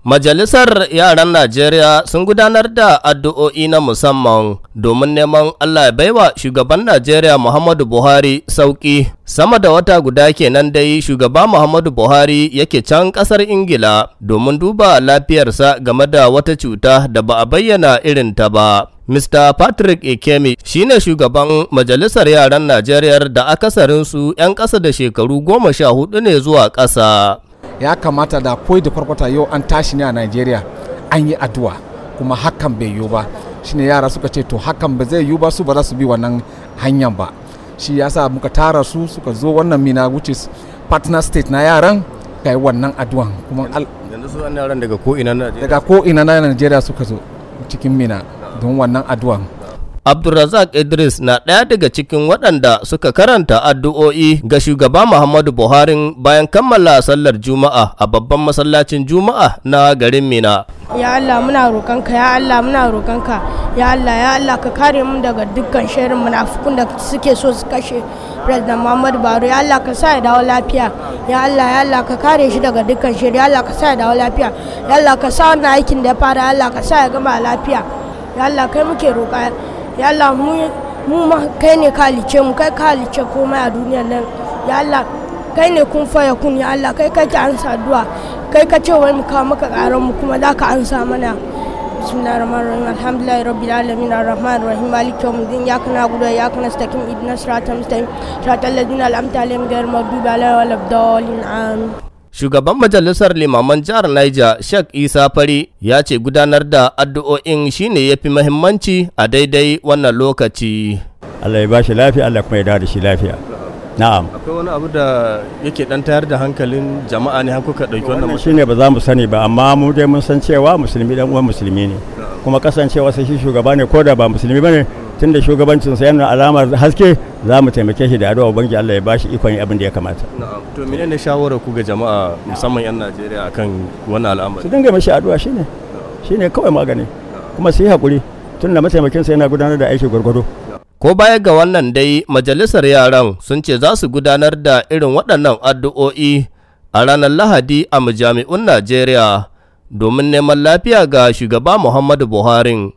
Majalisar Yaran Najeriya sun gudanar da addu'o'i na musamman domin neman Allah ya baiwa shugaban Najeriya Muhammadu Buhari sauƙi. Sama da wata guda kenan dai shugaba Muhammadu Buhari yake can ƙasar Ingila domin duba lafiyarsa game da wata cuta da ba a bayyana irin ta ba. Mr. Patrick Ekemi shine shugaban Majalisar Yaran Najeriya da akasarinsu 'yan ƙasa da shekaru goma sha hudu ne zuwa ƙasa. ya kamata da koi da kwarkwata yau an tashi ne a Najeriya an yi addu'a kuma hakan bai yiwu ba shine yara suka ce to hakan ba zai yiwu ba su ba za su bi wannan hanyar ba shi ya sa muka tara su suka zo wannan mina which is partner state na yaran ga wannan addu'an kuma yanzu su an yaran daga ko ina na Najeriya daga ko ina na Najeriya suka zo cikin mina don wannan addu'an Abdulrazak Idris na ɗaya daga cikin waɗanda suka karanta addu'o'i ga shugaba Muhammadu Buhari bayan kammala sallar Juma'a a babban masallacin Juma'a na garin Mina. Ya Allah muna roƙonka, ya Allah muna roƙonka, ya Allah ya Allah ka kare mu daga dukkan shirin munafukun da suke so su kashe President Muhammadu Buhari, ya Allah ka sa ya dawo lafiya, ya Allah ya Allah ka kare shi daga dukkan shirin, ya Allah ka sa ya dawo lafiya, ya Allah ka sa wannan aikin da ya fara, ya Allah ka sa ya gama lafiya, ya Allah kai muke roƙa. ya Allah mu ma kai ne ka halice mu kai ka halice komai a duniyar nan ya Allah kai ne kun faya kun ya Allah kai kake sa addu'a kai ka ce wai mu kawo maka karan mu kuma za ka ansa mana bismillahir rahmanir rahim alhamdulillahi rabbil alamin arrahmanir rahim maliki yawmiddin kana gudu ya kana stakim ihdinas siratal mustaqim siratal ladzina an'amta alaihim ghayril maghdubi alaihim waladdallin amin Shugaban majalisar limaman jihar Niger, Sheikh Isa Fari, ya ce gudanar da addu'o'in shine ya fi mahimmanci a daidai wannan lokaci. Allah ya ba shi lafiya, Allah kuma ya dawo da shi lafiya. Na'am. Akwai wani abu da yake dan tayar da hankalin jama'a ne har kuka dauki wannan mutum. Shine ba za mu sani ba, amma mu dai mun san cewa musulmi dan uwan musulmi ne. Kuma kasancewa sai shi shugaba ne ko da ba musulmi bane tun da sa yana alamar haske za mu taimake shi da addu'a ubangi Allah ya bashi ikon abin da ya kamata to menene shawara ku ga jama'a musamman yan Najeriya akan wannan al'amari su dinga mashi addu'a shine shine kawai magani kuma su yi hakuri tun da sa yana gudanar da aiki gwargwado ko baya ga wannan dai majalisar yaran sun ce za su gudanar da irin waɗannan addu'o'i a ranar lahadi a majami'un najeriya domin neman lafiya ga shugaba muhammadu buhari